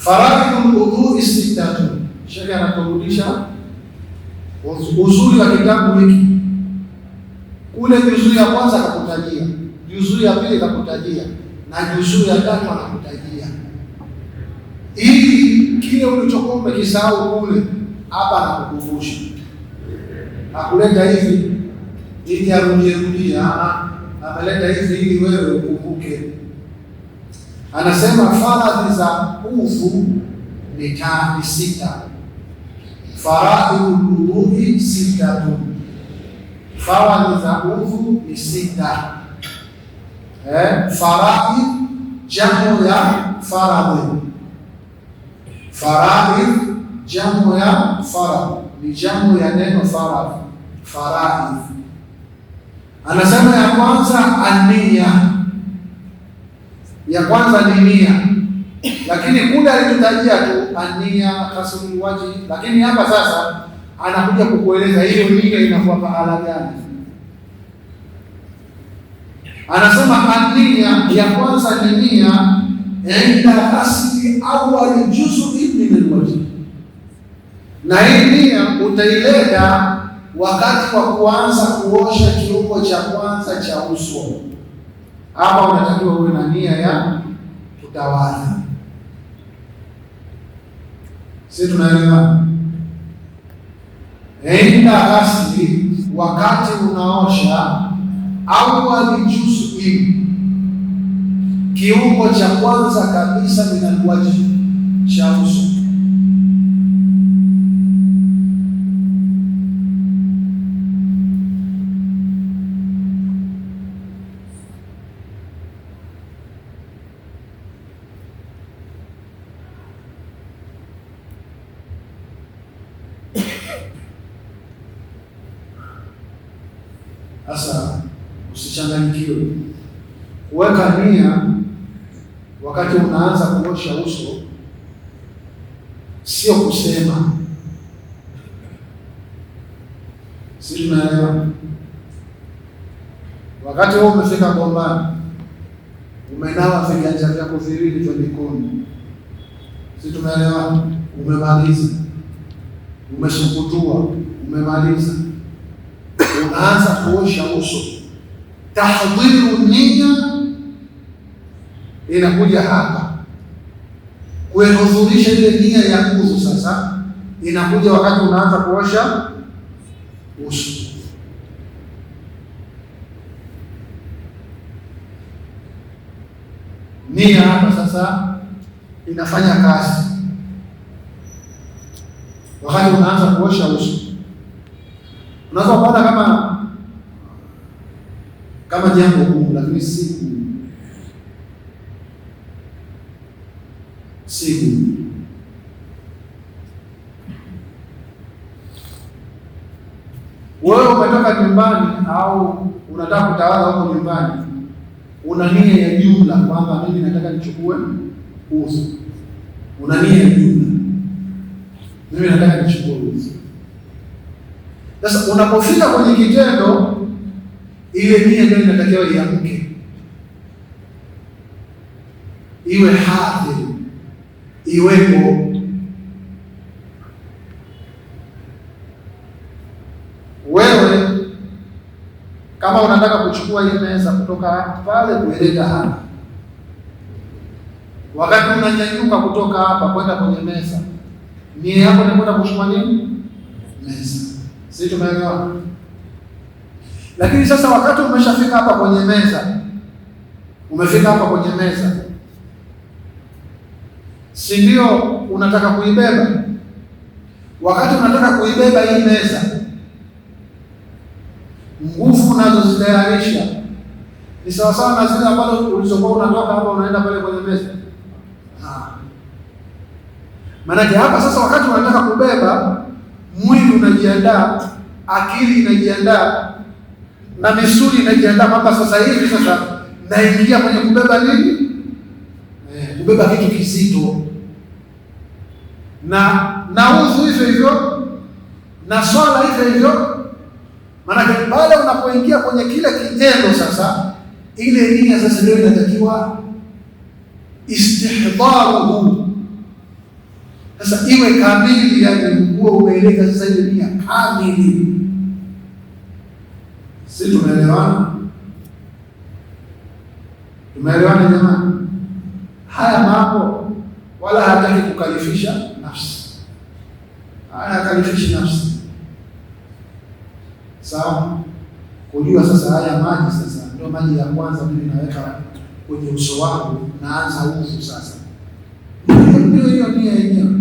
Faradhul udhu istidatu. shehe anakurudisha uzuri wa kitabu hiki. kule juzuu ya kwanza akakutajia, juzuu ya pili akakutajia, na juzuu ya tatu anakutajia, ili kile ulichokuwa umekisahau kule, hapa anakukumbusha, akuleta hivi ili arudiarudia, ameleta hivi ili wewe ukumbuke. Anasema faradhi za udhu ni tani sita, faradhi udhuhi sita tu, faradhi za udhu ni sita. Eh, faradhi jamu ya faradhi, faradhi jamu ya faradhi ni jamu ya neno faradhi. Faradhi anasema ya kwanza ania ya kwanza ni nia, lakini kule alitutajia tu ania kasuri waji, lakini hapa sasa anakuja kukueleza hiyo nia inakuwa pahala gani. Anasema ania ya kwanza ni nia inda asli awali juzui minal wajhi, na hii nia utaileta wakati wa kuanza kuosha kiungo cha kwanza cha uso ama unatakiwa uwe na nia ya kutawala. Sisi tunaelewa enda asli wakati unaosha au alijusuii, kiungo cha kwanza kabisa ni wajibu cha usuku Tanzania wakati unaanza kuosha uso, sio kusema, si tunaelewa? Wakati huo umefika kwamba umenawa viganja vyako viwili vya mikono, si tunaelewa? Umemaliza, umesukutua, umemaliza, unaanza kuosha uso, tahdhiru nia inakuja hapa kuihudhurisha ile nia ya udhu. Sasa inakuja wakati unaanza kuosha uso. Nia hapa sasa inafanya kazi wakati unaanza kuosha uso. Unaweza kuona kama kama jambo gumu, lakini siku wewe umetoka nyumbani au unataka kutawala huko nyumbani, una nia ya jumla kwamba mimi nataka nichukue uzi, una nia ya jumla, mimi nataka nichukue uzi. Sasa unapofika kwenye kitendo, ile nia ndio inatakiwa iamke, iwe hadhi iwepo wewe kama unataka kuchukua hii meza kutoka pale kuelekea hapa, wakati unanyanyuka kutoka hapa kwenda kwenye meza, nia yako ni kwenda kuchukua nini? Meza. Si tumeelewa? Lakini sasa wakati umeshafika hapa kwenye meza, umefika hapa kwenye meza si ndio unataka kuibeba? Wakati unataka kuibeba hii meza, nguvu unazozitayarisha ni sawasawa na zile ambazo ulizokuwa unatoka hapa unaenda pale kwenye meza. Maanake hapa sasa, wakati unataka kubeba, mwili unajiandaa, akili inajiandaa na misuli inajiandaa kwamba sasa hivi sasa naingia kwenye kubeba nini? Eh, kubeba kitu kizito na nauzu hizo hivyo na swala hivyo hivyo. Maanake pale unapoingia kwenye kile kitendo sasa, ile nia sasa ndio inatakiwa istihdharuhu sasa iwe kamili, yani huo umeeleka sasa ile nia kamili. Si tumeelewana? Tumeelewana jamani? Haya mambo wala hataki kukalifisha maana nafsi. Sawa, kujua sasa haya maji sasa ndio maji ya kwanza mimi naweka kwenye uso wangu, naanza uvu sasa. Ndio hiyo nia yenyewe.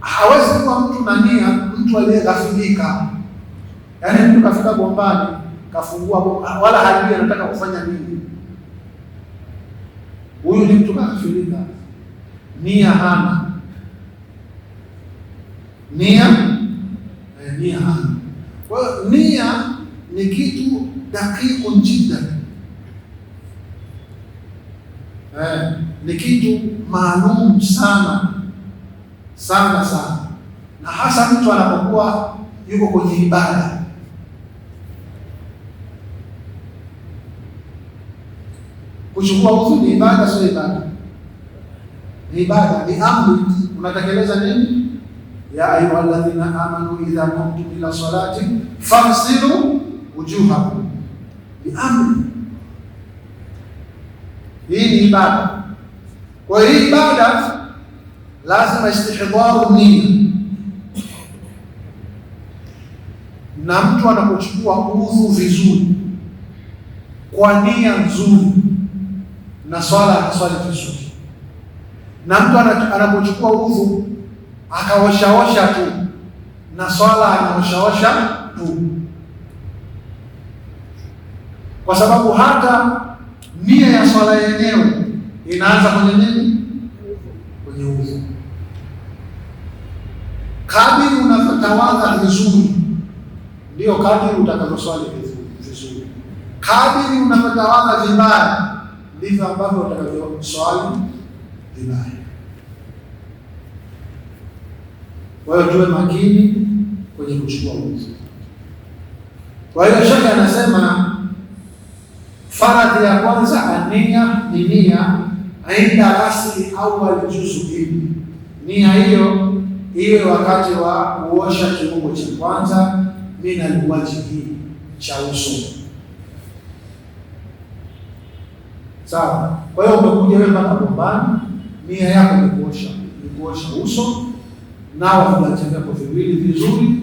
Hawezi kuwa mtu na nia mtu aliyeghafilika, yaani mtu kafika bombani kafungua wala hajui anataka kufanya nini. Huyu ni mtu kafirika, nia hana nia eh, nia. Kwa hiyo nia ni kitu dakiku jida eh, ni kitu maalum sana sana sana, na hasa mtu anapokuwa yuko kwenye ibada Kuchukua udhu ni ibada, sio ibada? Ni ibada, ni amri. Unatekeleza nini? ya ayuha alladhina amanu idha kumtum ila salati faghsilu wujuhakum biamri. Hii ni ibada. Kwa hiyo hii ibada lazima istihdharu nia, na mtu anapochukua udhu vizuri kwa nia nzuri na swala akaswali vizuri, na mtu anapochukua udhu akaoshaosha tu, na swala anaoshaosha tu, kwa sababu hata nia ya swala yenyewe inaanza kwenye nini? Kwenye udhu. Kadiri unatawadha vizuri, ndiyo kadiri utakavyoswali vizuri. Kadiri unavyotawadha vibaya, ndivyo ambavyo utakavyoswali vibaya. Kwa hiyo tuwe makini kwenye kuchukua uzi. Kwa hiyo shaka anasema faradhi ya kwanza ania ni nia ainda rasli awal juzui, nia hiyo hiyo wakati wa kuosha kiungo cha kwanza minal wajhi, cha uso. Sawa. Kwa hiyo umekuja wewe mpaka bombani, nia yako ni kuosha ni kuosha uso nao kuna changako viwili vizuri,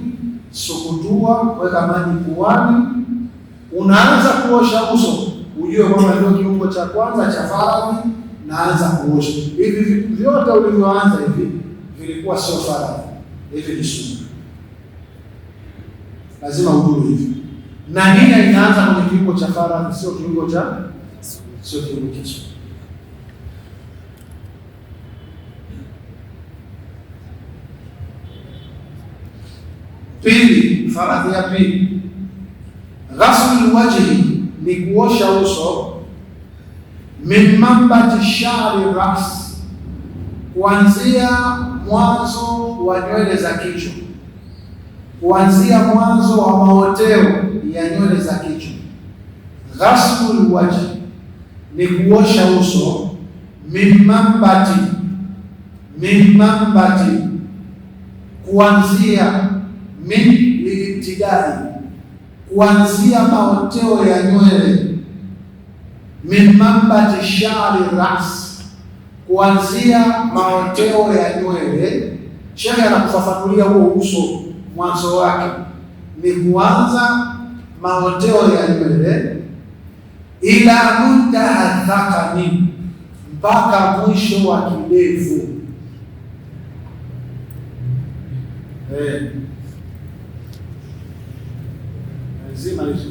sukutua, weka maji puani, unaanza kuosha uso, ujue kwamba ndio kiungo cha kwanza cha faradhi. Naanza kuosha hivi vyote ulivyoanza hivi vilikuwa sio faradhi, hivi ni sunna, lazima ujue hivi na nini inaanza kwenye kiungo cha faradhi, sio kiungo cha sio kiungo cha Faradhi ya pili, ghaslu wajhi ni kuosha uso, min mambati shari ras, kuanzia mwanzo wa nywele za kichwa, kuanzia mwanzo wa maoteo ya nywele za kichwa. Ghaslu wajhi ni kuosha uso, min mambati min mambati kuanzia min ibtidai, kuanzia maoteo ya nywele, min mambati shari ras, kuanzia maoteo ya nywele. Shehe anakufafanulia huo uso mwanzo wake ni kuanza maoteo ya nywele ila muntaha dhakani, mpaka mwisho wa kidevu eh. zima hizo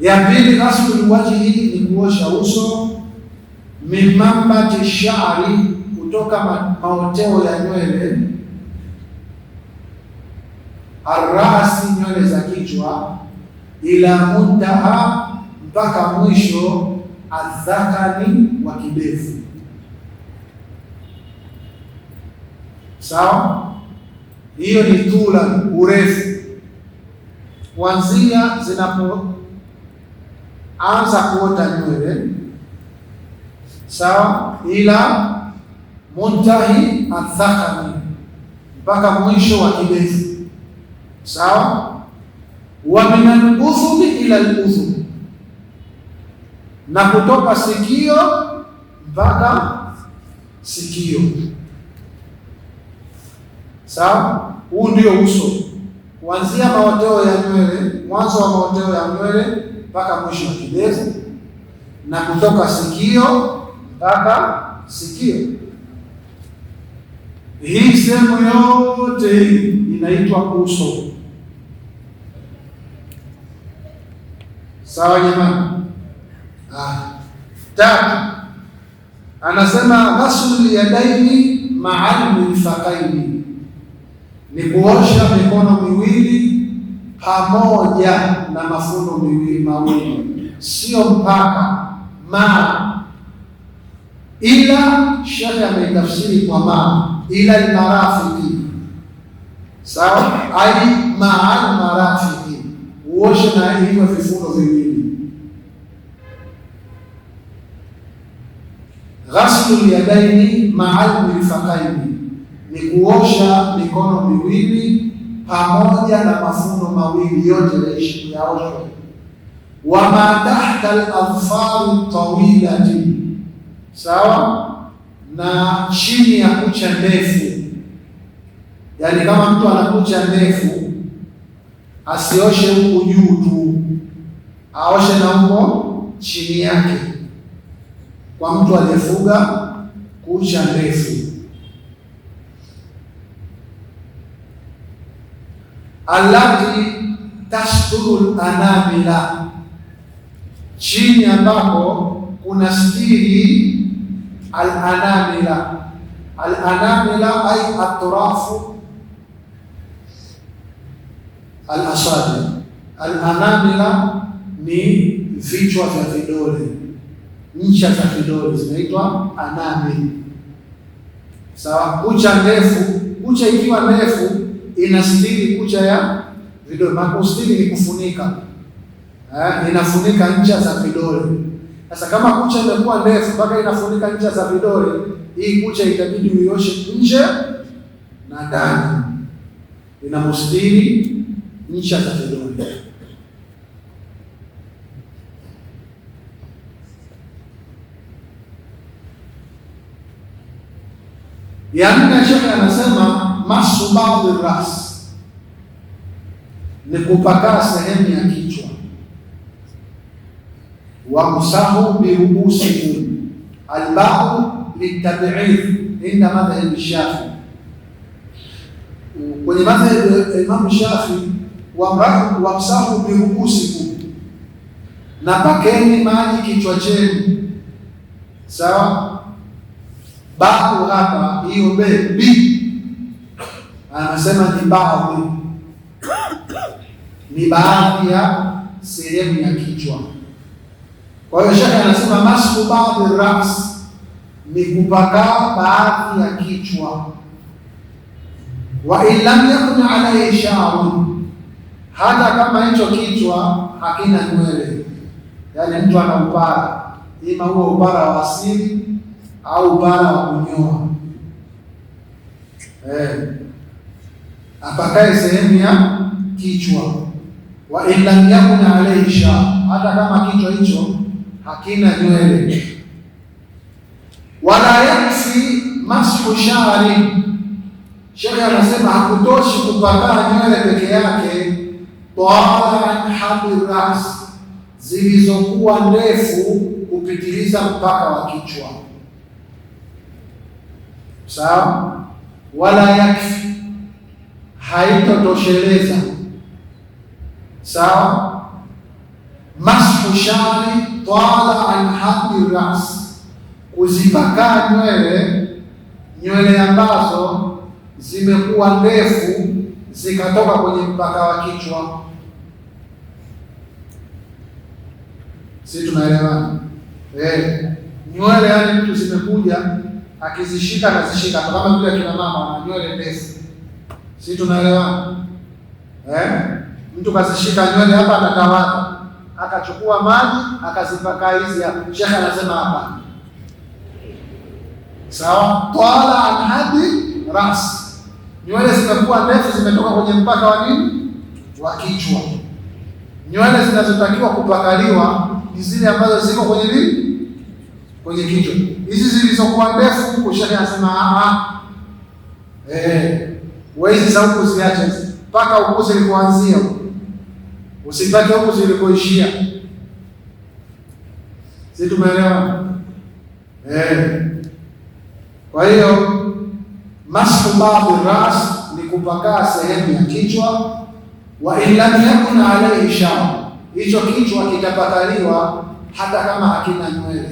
ya pili, ghaslu wajhi ni kuosha uso, mimambati shari, kutoka maoteo ya nywele, arasi, nywele za kichwa, ila muntaha, mpaka mwisho, adhakani, wa kidevu Sawa, hiyo ni tula, urefu kuanzia zinapoanza kuota nywele sawa, ila muntahi athakami, mpaka mwisho wa kidevu sawa. Wa minal udhuni ila ludhuni, na kutoka sikio mpaka sikio. Sawa, huu ndio uso, kuanzia maoteo ya nywele, mwanzo wa maoteo ya nywele mpaka mwisho wa kidevu, na kutoka sikio mpaka sikio. Hii sehemu yote hii inaitwa uso. Sawa jamani? Ah, tatu anasema ghaslu yadaini ma'al mirfaqaini ni kuosha mikono miwili pamoja na mafuno miwili mawili, sio mpaka maa ila shekhe ametafsiri kwa maa ila almarafiki. Sawa, ai maa marafiki uoshe na hivyo vifuno viwili. Ghaslu lyadaini maa almirfaqaini ni kuosha mikono miwili pamoja na mafundo mawili yote yaishi yaoshwe. wa tahta al tawilati, sawa na chini ya kucha ndefu, yaani kama mtu ana kucha ndefu asioshe huku juu tu, aoshe na huko chini yake, kwa mtu aliyefuga kucha ndefu alati tasturu anamila, chini ambapo kuna stiri alanamila. Alanamila ay atrafu alasadi alanamila ni vichwa vya vidole, ncha za vidole zinaitwa anamila. Sawa, kucha ndefu, kucha ikiwa ndefu inastiri kucha ya vidole. Maana kustiri ni kufunika, eh, inafunika ncha za vidole. Sasa kama kucha imekuwa ndefu mpaka inafunika ncha za vidole, hii kucha itabidi uioshe nje na ndani, inamustiri ncha za vidole. Ya nne, shekhe anasema masubadhi ras ni kupakaa sehemu ya kichwa, wamsahu biruusikum, albau litabidh inda madhhabi shafi Kwenye madhhabi ya Imamu Shafii, wamsahu biruusikum, na pakeni maji kichwa chenu. Sawa, bau hapa hiyo bi anasema ni baadhi ni baadhi ya sehemu ya kichwa. Kwa hiyo shekhe anasema masku baadhi ras ni kupaka baadhi ya kichwa, wa in lam yakun alayhi sha'run, hata kama hicho kichwa hakina nywele, yaani mtu ana upara, ima huo upara wa asili au upara wa kunyoa eh apakae sehemu ya kichwa, wa in lam yakun alayhi shaa, hata kama kichwa hicho hakina nywele, wala yaksi mashu shari. Shekhe anasema hakutoshi kupakaa nywele peke yake, twala hadi ras, zilizokuwa ndefu kupitiliza mpaka wa kichwa, sawa, wala yakfi haitotosheleza sawa. Mashu shari twala an hadi ras, kuzipaka nywele, nywele ambazo zimekuwa ndefu zikatoka kwenye mpaka wa kichwa. Si tunaelewa eh? Nywele yani mtu zimekuja akizishika akazishika, kama vile akina mama wana nywele ndefu si tunaelewa eh? Mtu kazishika nywele hapa atatawaka, akachukua maji akazipaka hizi hapa. shekhe anasema hapa sawa, twala an hadi ras, nywele zimekuwa ndefu, zimetoka kwenye mpaka wa nini wa kichwa. Nywele zinazotakiwa kupakaliwa ni zile ambazo ziko kwenye nini, kwenye kichwa. Hizi zilizokuwa ndefu, shekhe anasema ah, ah. eh Wezi za huku ziache mpaka huku zilikuanzia, usibaki huku zilikoishia. Si tumeelewa eh? Kwa hiyo mashu babu ras ni kupakaa sehemu ya kichwa, wa in lam yakun alayhi sha'r, hicho kichwa kitapakaliwa hata kama hakina nywele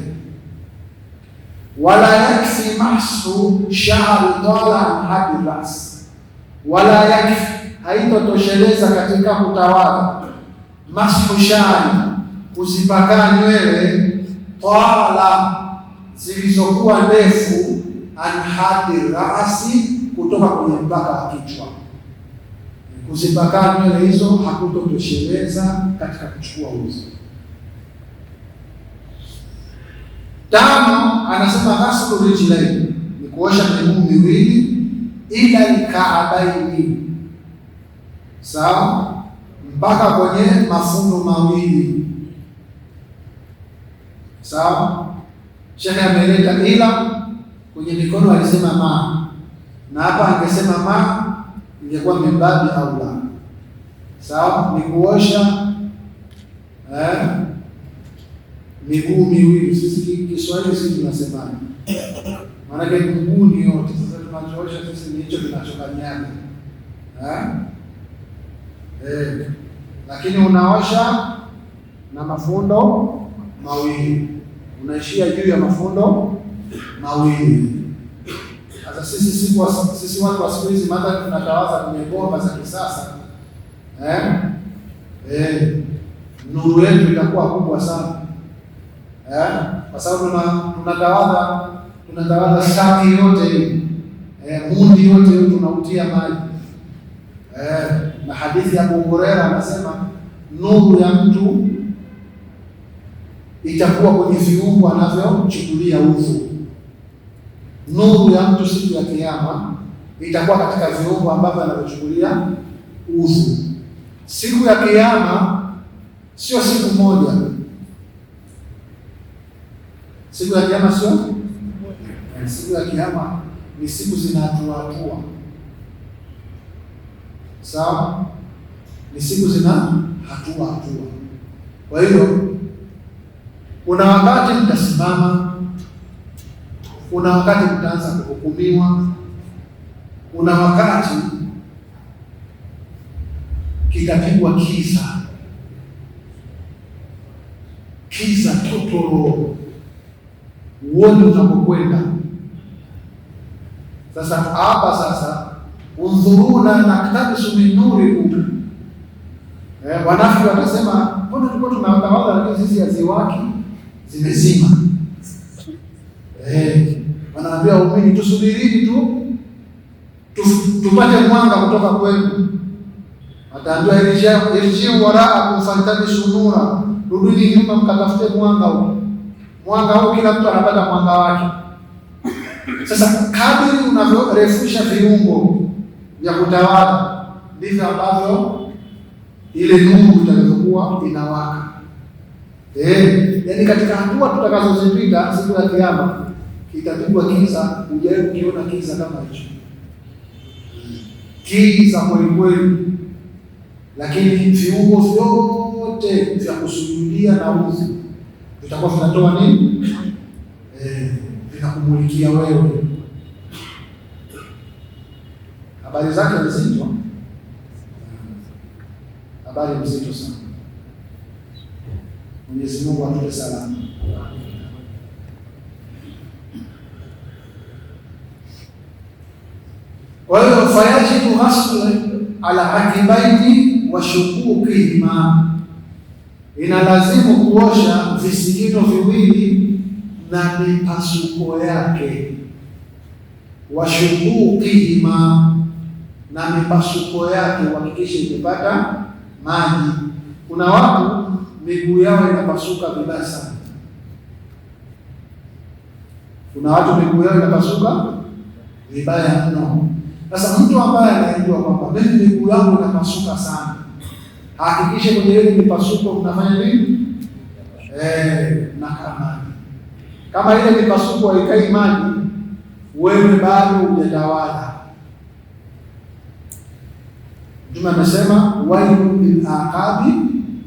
wala yakfi masu sha'r dala hadi rasi, wala yakfi, haitotosheleza katika kutawala masfushani, kuzipaka nywele twala zilizokuwa ndefu, anhadi rasi, kutoka kwenye mpaka wa kichwa. Kuzipaka nywele hizo hakutotosheleza katika kuchukua uzi. Tano, anasema ghaslu rijlaini, ni kuosha miguu miwili ila alkaabaini, sawa, mpaka kwenye mafundo mawili, sawa. Shekhe ameleta ila kwenye mikono, alisema ma, na hapa angesema ma ingekuwa mibabi au la, sawa, ni kuosha eh, miguu miwili. Sisi Kiswahili sisi tunasemaje? Maanake mguu ni yote sasa tunachoosha sisi ni hicho kinachokanyana eh, lakini unaosha na mafundo mawili, unaishia juu ya mafundo mawili. Sasa sisi siku sisi watu wa siku hizi mada tunatawaza kwenye bomba za kisasa eh, eh, nuru yetu itakuwa kubwa sana eh, kwa sababu tunatawaza tunatawaza staki yote hii eh, mundi yote huyu tunautia maji eh, na hadithi ya Abu anasema nuru ya mtu itakuwa kwenye viungo anavyochukulia udhu. Nuru ya mtu siku ya Kiyama itakuwa katika viungo ambavyo anavyochukulia udhu. Siku ya Kiyama sio siku moja. Siku ya Kiyama sio eh, siku ya Kiyama ni siku zinatuatua, sawa? Ni siku zina hatua hatua. Kwa hiyo kuna wakati mtasimama, kuna wakati mtaanza kuhukumiwa, kuna wakati kitapigwa kiza kiza totoro, uone utakokwenda sasa hapa sasa, undhuruna naktabisu min nurikum. Eh, wanafiki wanasema mbona tulikuwa tunatawadha lakini sisi haziwaki zimezima. Eh, wanaambia waumini tusubirini tu tupate mwanga kutoka kwenu. Ataambia irjiu waraakum faltabisu nura, rudini nyuma mkatafute mwanga huu. Mwanga huu kila mtu anapata mwanga wake. Mm-hmm. Sasa kadri unavyorefusha viungo vya kutawala ndivyo ambavyo ile nuru itakavyokuwa inawaka. Eh, yaani katika hatua tutakazozipita siku ya Kiyama itapigwa kiza, hujawahi ukiona kiza kama hicho, kiza kweli kweli, lakini viungo vyote vya kusujudia na uzi vitakuwa vinatoa nini? Eh ikakumulikia wewe. Habari zake nzito, hmm. habari nzito sana. Mwenyezi Mungu atupe salama. Kwa hiyo fayajibu hasru ala akibaini wa shukukihima, inalazimu kuosha visigino viwili na mipasuko yake, kima na mipasuko yake uhakikishe imepata maji. Kuna watu miguu yao inapasuka vibaya sana, kuna watu miguu yao inapasuka vibaya mno. Sasa mtu ambaye anajua kwamba mimi miguu yangu inapasuka sana, hakikishe kwenye ile mipasuko unafanya nini? Eh, na maji kama ile mipasuko haikai maji, wewe bado hujatawala. Mtume amesema wailu lil aqabi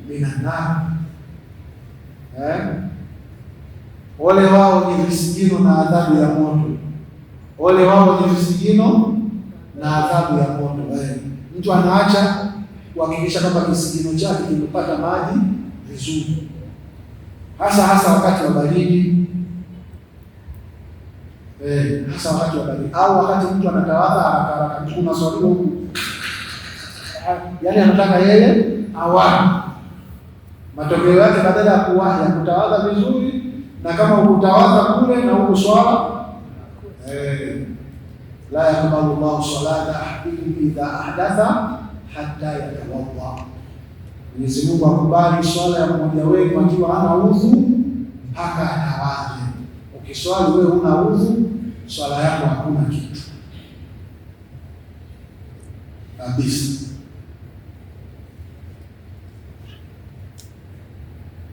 minan nar, eh? Ole wao ni visigino na adhabu ya moto. Ole wao ni visigino na adhabu ya moto. Eh, mtu anaacha kuhakikisha kwamba kisigino chake kimepata maji vizuri, hasa hasa wakati wa baridi Eh, hasa wakati wa kazi au wakati mtu anatawadha haraka haraka kuna swali huko. Yaani anataka yeye awa. Matokeo yake badala ya kuwa ya kutawadha vizuri na kama ukutawadha kule na huko swala eh la yaqbalu Allahu salata ahadikum idha ahdatha hatta yatawadda. Mwenyezi Mungu akubali swala ya mmoja wenu akiwa hana udhu mpaka atawadhe. Ukiswali wewe una udhu, swala yako hakuna kitu kabisa.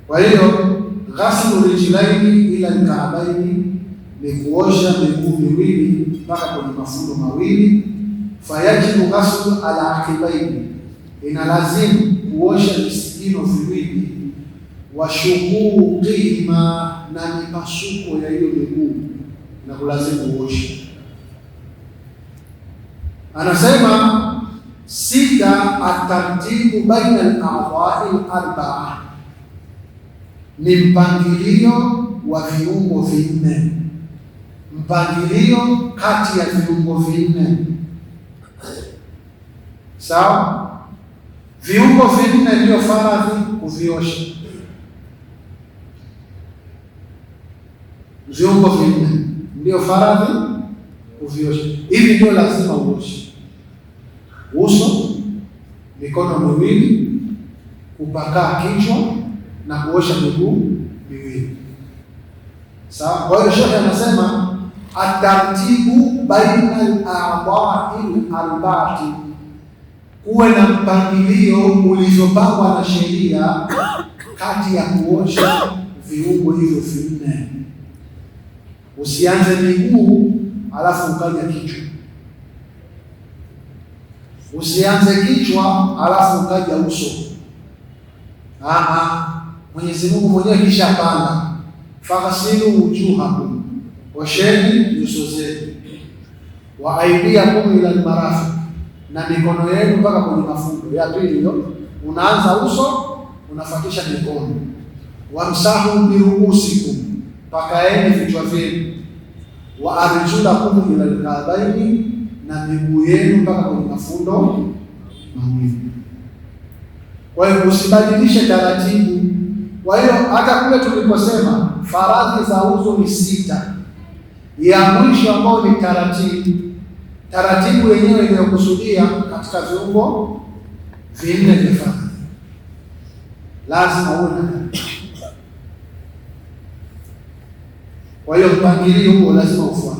Kwa hiyo ghaslu rijlaini ila alkaabaini ni kuosha miguu miwili mpaka kwenye mafundo mawili. Fayajibu ghaslu ina lazimu kuosha visigino viwili washukuu qima na mipasuko ya hiyo miguu na kulazimu uoshe. Anasema sita, atartibu baina al-a'dha'i al-arba'a, ni mpangilio wa viungo vinne, mpangilio kati ya viungo vinne. Sawa, viungo vinne ndio faradhi kuviosha viungo vinne ndio faradhi uvioshe. Hivi ndio lazima uoshe: uso, mikono miwili, kupakaa kichwa na kuosha miguu miwili. Sawa. Kwa hiyo shekhe anasema atartibu baina al albati arbaati kuwe na mpangilio ulizopangwa na sheria kati ya kuosha viungo hivyo vinne. Usianze miguu alafu ukaja kichwa, usianze kichwa alafu ukaja uso. Mwenyezi Mungu mwenyewe kisha panda, faghsilu wujuhakum, osheni nyuso zenu, wa aidiakum ila almarafiq, na mikono yenu mpaka kwenye mafundo. Ya pili hiyo, unaanza uso unafuatisha mikono. Wamsahu biruusikum pakaeni vichwa vyenu, wa arjulakum ila alka'baini, na miguu yenu mpaka kwenye mafundo mawili. Kwa hiyo usibadilishe taratibu. Kwa hiyo hata kule tuliposema faradhi za uzu ni sita, ya mwisho ambayo ni taratibu, taratibu yenyewe inayokusudia katika viungo vinne vya faradhi lazima uwe Kwa hiyo mpangilio huo lazima ufuatwe.